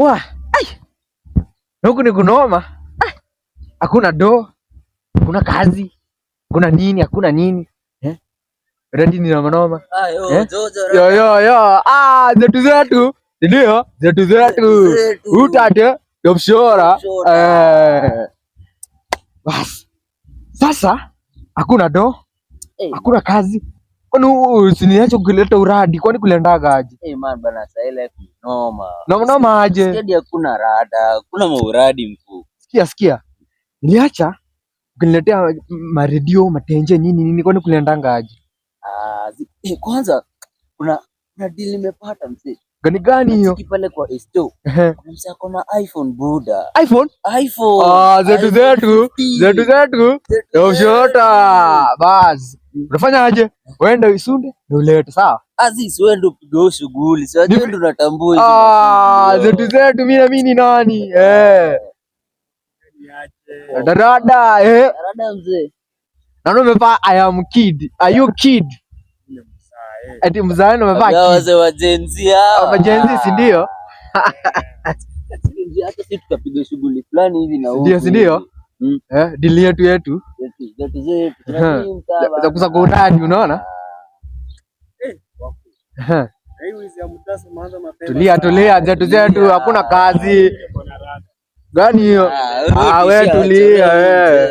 Wa, huku ni kunoma, hakuna do, hakuna kazi, hakuna nini, hakuna nini eh? Oh, eh? Radi ni noma noma eh? Yo, yo, yo. Ah, zetu zetu ndio zetu zetu utate mshora eh. Basi sasa hakuna do, eh. hakuna kazi. Kwani usiniache kuleta uradi, kwani kulendaga aje? Eh, man bana, sasa ile Noma. Noma noma aje? Stadi hakuna rada, hakuna mauradi mkuu. Sikia sikia. Niliacha ukiniletea maredio, matenje nini nini kwani kuliendanga aje? Ah, eh, kwanza kuna kuna deal nimepata mzee. Gani gani hiyo? Pale kwa store. Msa iPhone iPhone? iPhone. Ah, zetu zetu. Zetu zetu. Yoshota. Bas. Unafanya Wenda isunde na ulete, sawa? Aziz shughuli. ndio unatambua hizo. Ah, zetu zetu mimi na mimi ni nani? Eh. Darada, eh. Darada mzee. umevaa I am kid. Are you kid? Eh, eti amevaa umebaki. Wazee wa Gen Z hao. Wa Gen Z si ndio? Hata sisi tukapiga shughuli fulani hivi na huko. Ndio, si ndio? Hmm. Eh, dili yetu yetu. Za kusa kwa ndani unaona? Eh, tulia tulia, zetu zetu hakuna kazi gani hiyo? Ah, wewe ah, tulia wewe.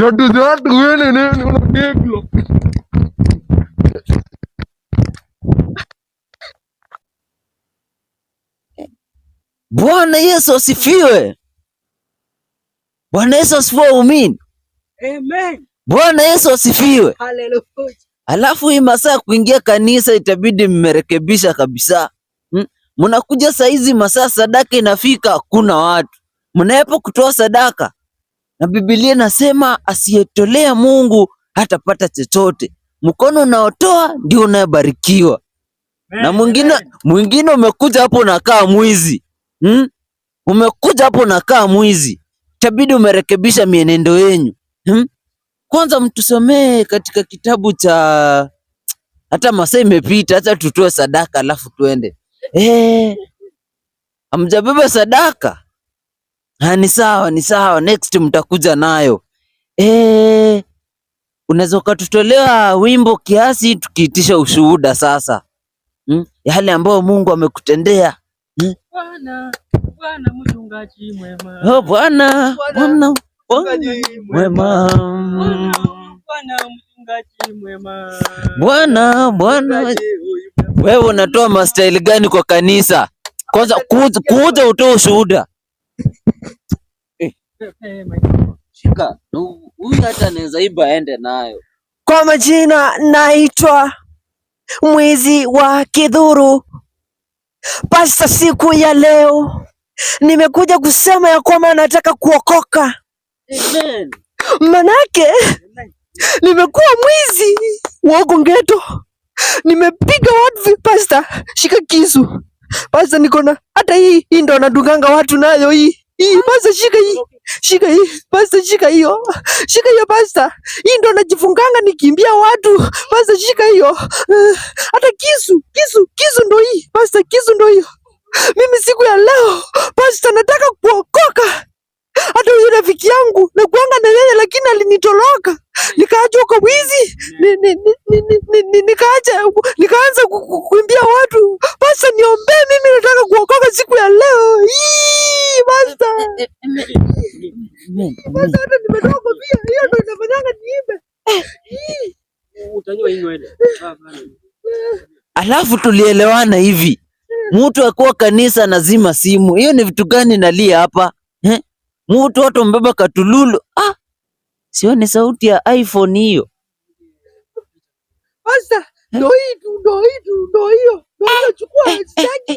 జట్టు జట్టు వేణి నేను Bwana Yesu asifiwe. Bwana Yesu asifiwe waumini. Amen. Bwana Yesu asifiwe. Hallelujah. Alafu hii masaa kuingia kanisa itabidi mmerekebisha kabisa. Hmm? Mnakuja saizi masaa sadaka inafika, hakuna watu mnaepo kutoa sadaka na Biblia nasema asiyetolea Mungu hatapata chochote. Mkono unaotoa ndio unayebarikiwa. Na mwingine mwingine umekuja hapo unakaa mwizi hmm? Umekuja hapo unakaa mwizi, itabidi umerekebisha mienendo yenyu hmm? Kwanza mtusomee katika kitabu cha hata masaa imepita, hata tutoe sadaka alafu tuende eh, amjabeba sadaka Ha, ah, ni sawa ni sawa, next mtakuja nayo. Eh, unaweza ukatutolea wimbo kiasi tukiitisha ushuhuda sasa, hmm? Yale ambayo Mungu amekutendea hmm? Bwana Bwana mchungaji mwema, oh, Bwana Bwana Bwana mchungaji mwema, Bwana Bwana. Wewe unatoa mastaili gani kwa kanisa? Kwanza kuja utoe ushuhuda Shika huyu hata anaweza iba aende nayo. Kwa majina naitwa Mwizi wa Kidhuru. Pasta, siku ya leo nimekuja kusema ya kwamba nataka kuokoka, manake nimekuwa mwizi wa Kongeto, nimepiga watu vipasta. Shika kisu basi niko na hata hii hii ndo anadunganga watu nayo hii. Hii basi shika hii. Shika hii. Basi shika hiyo. Shika hiyo basi. Hii ndo najifunganga nikimbia watu. Basi shika hiyo. Hata kisu, kisu, kisu ndo hii. Basi kisu ndo hiyo. Mimi siku ya leo basi nataka kuokoka. Hata huyu rafiki yangu nakuanga na yeye, lakini alinitoroka nikaacha kwa wizi, nikaacha nikaanza kuimbia watu. Basa niombe mimi, nataka kuokoka siku ya leo Basta hata nimetoka kofia hiyo, ndo inafanyanga niimbe. Alafu tulielewana hivi, mtu akuwa kanisa nazima simu hiyo, ni vitu gani nalia hapa eh? Mtu watu mbeba katululu. Ah, sione sauti ya iPhone hiyo. Asa, ndo hii tu, ndo hii tu, ndo hiyo ndo hiyo. Eh, chukua, eh, eh,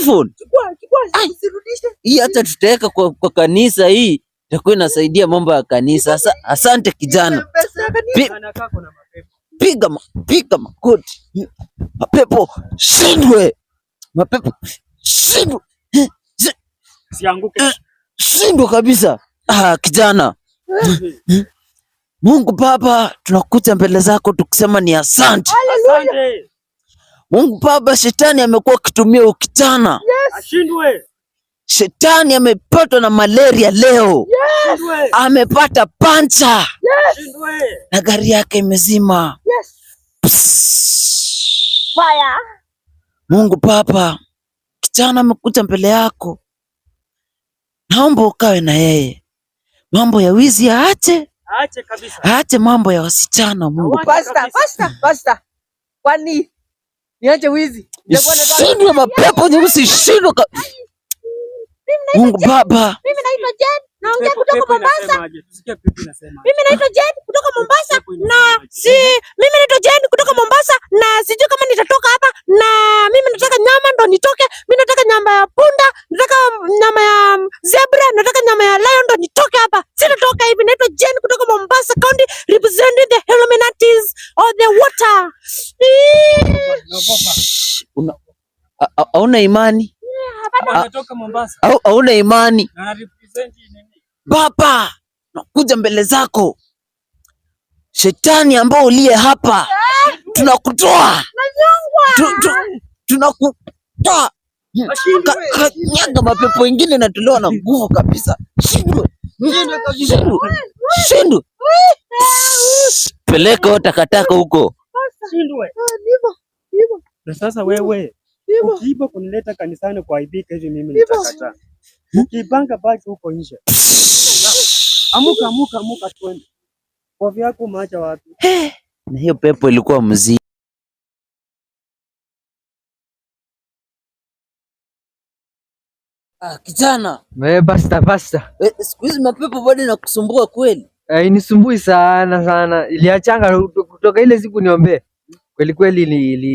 iPhone. Chukua, chukua, usirudishe. Hii hata tutaweka kwa, kwa kanisa hii itakuwa inasaidia mambo ya kanisa. Asante kijana. Piga piga makoti. Mapepo shindwe. Mapepo shindwe. Sianguke shindwa kabisa. Ah, kijana Mungu Baba, tunakuja mbele zako tukisema ni asante. Asante. Mungu Baba, shetani amekuwa akitumia ukijana. Ashindwe. Yes. Shetani amepatwa na malaria leo. Yes. Amepata pancha. Yes. Na gari yake imezima. Yes. Mungu Baba, kijana amekuja mbele yako naomba ukawe na yeye. Mambo ya wizi aache, aache kabisa, aache mambo ya wasichana. Mungu pasta, pasta, pasta, kwani niache wizi? Shindwe mapepo nyeusi, shindwe Mungu Baba, mimi naitwa Jane naongea kutoka Mombasa. Mimi naitwa Jane kutoka Mombasa na si mimi naitwa Jane kutoka Mombasa na sijui kama nitatoka hapa, na mimi nataka nyama ndo nitoke. Mimi nataka nyama ya punda, nataka nyama ya zebra, nataka nyama ya lion ndo nitoke hapa. Sitatoka hivi. Naitwa Jane kutoka Mombasa County representing the Illuminatis or the water. Hauna imani? Hapana, Mombasa. Hauna imani? Na Baba, nakuja mbele zako, shetani ambao uliye hapa, tunakutoa tunakutoa kanyaga mapepo ingine natolewa na nguvu kabisa. Shindwe, shindwe, peleka takataka huko. Na sasa wewe ukiiba kunileta kanisani kuaibika hivi, mimi nitakataa. Ukipanga hmm? baki huko nje. Amuka, amuka, amuka twende. Kwa vyako maacha wapi? Na hiyo pepo ilikuwa mzii. Ah, kijana. Wewe basta basta. Siku hizi mapepo bado inakusumbua kweli? Eh, inisumbui sana sana. Iliachanga kutoka ile siku niombe. Kweli kweli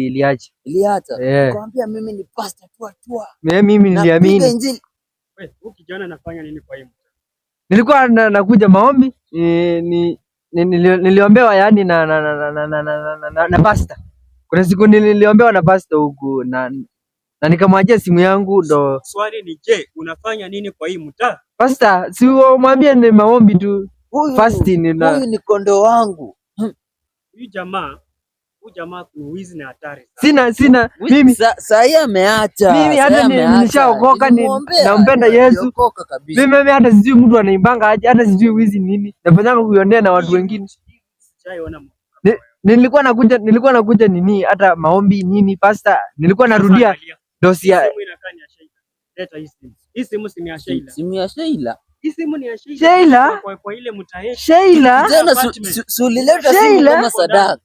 iliacha. Iliacha. Eh. Nikwambia mimi ni pasta tu tu. Mimi niliamini. Facebook, jana nafanya nini kwa hii Nilikuwa na, nakuja maombi e, ni, ni, niliombewa yani na na, na, na, na, na, na, na pasta. Kuna siku niliombewa na pasta huku na na nikamwachia simu yangu ndo. Swali ni je, unafanya nini kwa hii mtaa? Pasta, si umwambie ni maombi tu. Huyu ni kondoo wangu. Huyu jamaa Sina sina mimi ameacha. Mimi hata nishaokoka nampenda Yesu. Mimi mimi hata sijui mtu anaimbanga aje, hata sijui wizi nini. nafanyaga kuionea na watu wengine. Nilikuwa nakuja nilikuwa nakuja nini hata maombi nini pasta nilikuwa narudia dosi ya Sheila. Sheila. Sheila. Sheila.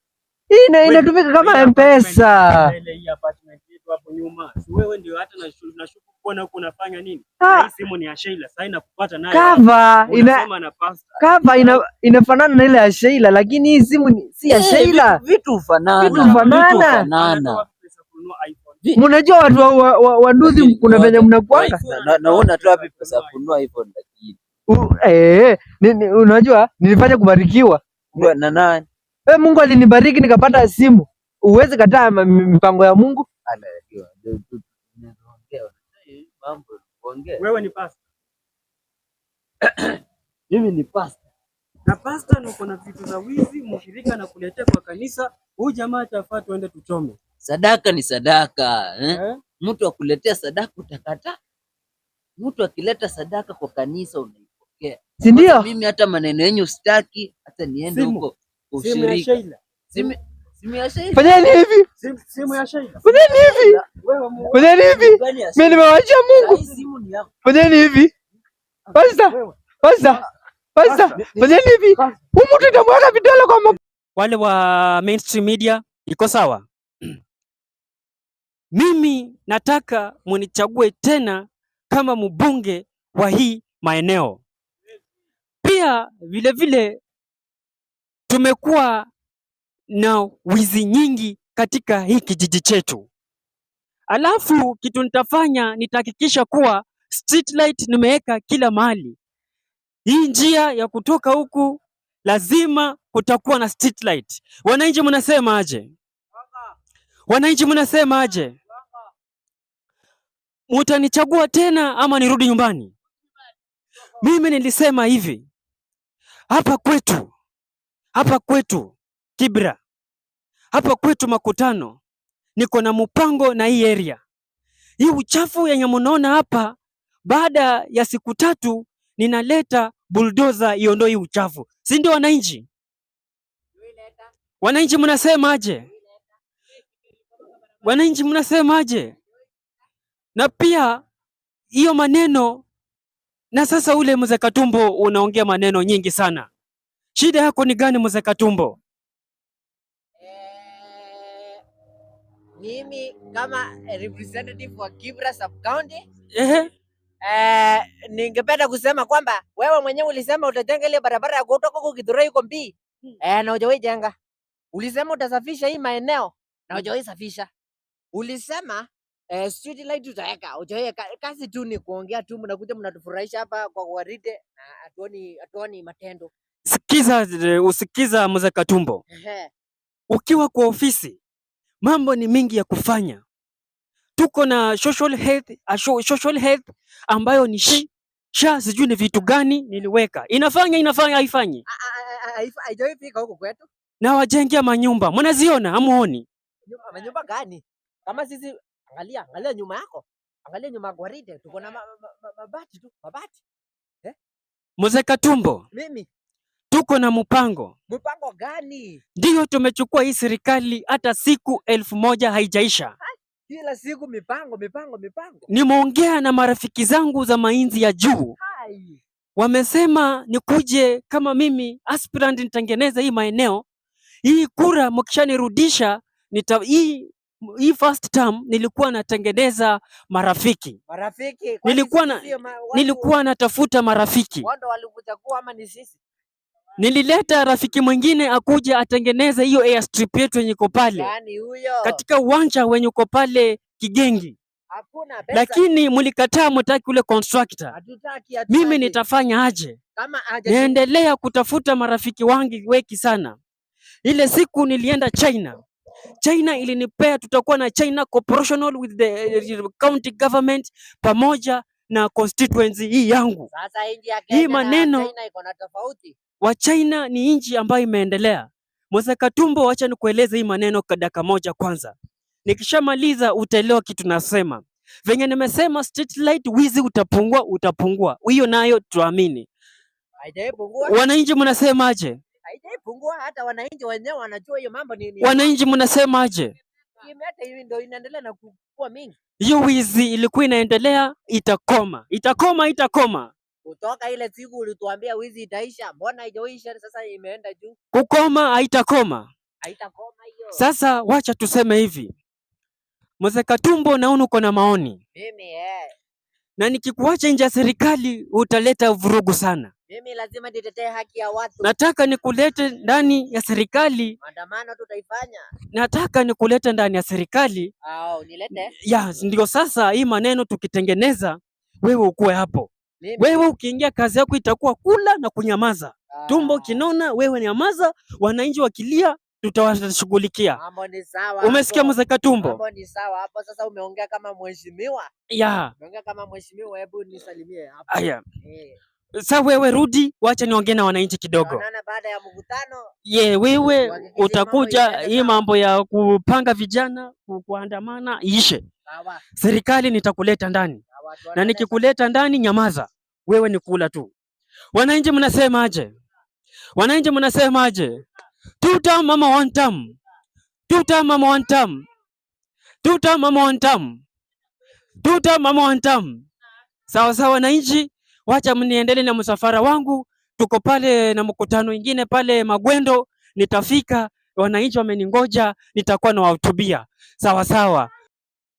Ina inatumika kama mpesa. Cover ina inafanana na ile ya Sheila lakini hii simu si ya eh, Sheila. Vitu fanana. Mnajua watu wa nduthi kuna venye mnakuanga. Naona tu wapi pesa kununua iPhone lakini. Eh, unajua nilifanya kubarikiwa na nani? Wewe eh, Mungu alinibariki nikapata simu. Uwezi kataa mipango ya Mungu? Wewe ni Mimi ni Na uko na vitu za wizi, mshirika na kuletea kwa kanisa, huyu jamaa atafaa tuende tuchome. Sadaka ni sadaka, eh? Eh? Mtu akuletea sadaka utakataa? Mtu akileta sadaka kwa kanisa unaipokea. Si ndio? Mimi hata maneno yenyu sitaki, hata niende huko ushirika. Hmm? Fanyeni hivi, fanyeni hivi, fanyeni hivi, mimi nimewaachia Mungu. Fanyeni hivi, fanyeni hivi, huyu mtu itamweka vidole kwa wale wa mainstream media. Iko sawa? Mimi nataka munichague tena kama mbunge wa hii maeneo. Pia vilevile Tumekuwa na wizi nyingi katika hii kijiji chetu, alafu kitu nitafanya nitahakikisha kuwa street light nimeweka kila mahali. Hii njia ya kutoka huku lazima kutakuwa na street light. Wananchi mnasema aje? Wananchi mnasema aje? Mutanichagua tena ama nirudi nyumbani? Mimi nilisema hivi hapa kwetu hapa kwetu Kibra, hapa kwetu Makutano, niko na mpango na hii area hii. Uchafu yenye munaona hapa, baada ya siku tatu ninaleta buldoza iondoe hii uchafu, si ndio wananchi? Wananchi mnasemaje? Wananchi mnasemaje? Na pia hiyo maneno, na sasa ule mzee Katumbo unaongea maneno nyingi sana Shida yako ni gani mzee Katumbo? Eh, mimi kama representative wa Kibra sub county eh, eh, ningependa kusema kwamba wewe mwenyewe ulisema utajenga ile barabara ya kutoka huko Githurai huko Mbii hmm. eh, na hujawahi jenga. Ulisema utasafisha hii maeneo na hujawahi safisha. Ulisema eh, street light utaweka, hujawahi. Kazi tu ni kuongea tu, mnakuja mnatufurahisha hapa kwa gwaride na atuoni, atuoni matendo. Sikiza, eh, usikiza mzee Katumbo. Ehe. Ukiwa kwa ofisi mambo ni mingi ya kufanya. Tuko na social health, uh, social health ambayo ni shi sha sijui ni vitu gani niliweka inafanya inafanya haifanyi haijafika huko kwetu, na wajengea manyumba mnaziona amuoni? Manyumba gani? Kama sisi, angalia angalia nyuma yako, angalia nyuma gwaride, tuko na mabati tu mabati. Eh, Mzee Katumbo. mimi Tuko na mpango. Mpango gani? Ndiyo, tumechukua hii serikali hata siku elfu moja haijaisha. Kila siku mipango, mipango, mipango. Nimeongea na marafiki zangu za mainzi ya juu Hai. Wamesema nikuje kama mimi aspirant nitengeneza hii maeneo hii kura, mkishanirudisha nita hii hii first term nilikuwa natengeneza marafiki, marafiki nilikuwa na, nilikuwa natafuta marafiki. Wao walikuchagua ama ni sisi? Nilileta rafiki mwingine akuja atengeneze hiyo airstrip yetu yenye iko pale yaani katika uwanja wenye uko pale Kigengi, lakini mlikataa, mtaki ule constructor. Hatutaki, hatutaki. Mimi nitafanya aje? Niendelea kutafuta marafiki wangi weki sana. Ile siku nilienda China, China ilinipea tutakuwa na China cooperation with the eh, eh, county government pamoja na constituency hii yangu. Sasa hii maneno China iko na tofauti wa China ni nchi ambayo imeendelea. Mzee Katumbo, acha nikueleze hii maneno kwa dakika moja kwanza, nikishamaliza utaelewa kitu nasema. Venye nimesema street light, wizi utapungua, utapungua, hiyo nayo tuamini. Wananchi mnasemaje? Haijapungua, hata wananchi wenyewe wanajua hiyo mambo nini. Wananchi mnasemaje? Ndio inaendelea na kukua mingi. Hiyo wizi ilikuwa inaendelea, itakoma, itakoma, itakoma kutoka ile siku ulituambia wizi itaisha, mbona haijaisha? Sasa imeenda juu. Kukoma haitakoma, haitakoma hiyo. Sasa wacha tuseme hivi, mzee Katumbo, naona uko na maoni mimi eh, na nikikuacha nje ya serikali utaleta vurugu sana. Mimi lazima nitetee haki ya watu. Nataka nikulete ndani ya serikali. Maandamano tutaifanya. Nataka nikulete ndani ya serikali. Au nilete? Ya, ndio sasa hii maneno tukitengeneza wewe ukuwe hapo. Wewe ukiingia kazi yako itakuwa kula na kunyamaza. Ah. Tumbo kinona, wewe nyamaza, wananchi wakilia tutawashughulikia. Umesikia mzee Katumbo? Mambo ni sawa hapo. Sasa umeongea kama mheshimiwa. Yeah. Umeongea kama mheshimiwa, hebu nisalimie hapo. Aya. Eh. Sasa wewe rudi, wacha niongee na wananchi kidogo. Baada ya mkutano ye, wewe utakuja hii mambo ya kupanga vijana kuandamana ishe. Sawa. Serikali nitakuleta ndani na nikikuleta ndani, nyamaza wewe, ni kula tu. Wananchi mnasemaje? Wananchi mnasemaje? two term ama one time, two mama one time, two mama one time, two mama one time. Sawa sawa, wananchi, wacha mniendele na msafara wangu. Tuko pale na mkutano mwingine pale Magwendo, nitafika. Wananchi wameningoja, nitakuwa wahutubia. Sawa sawa.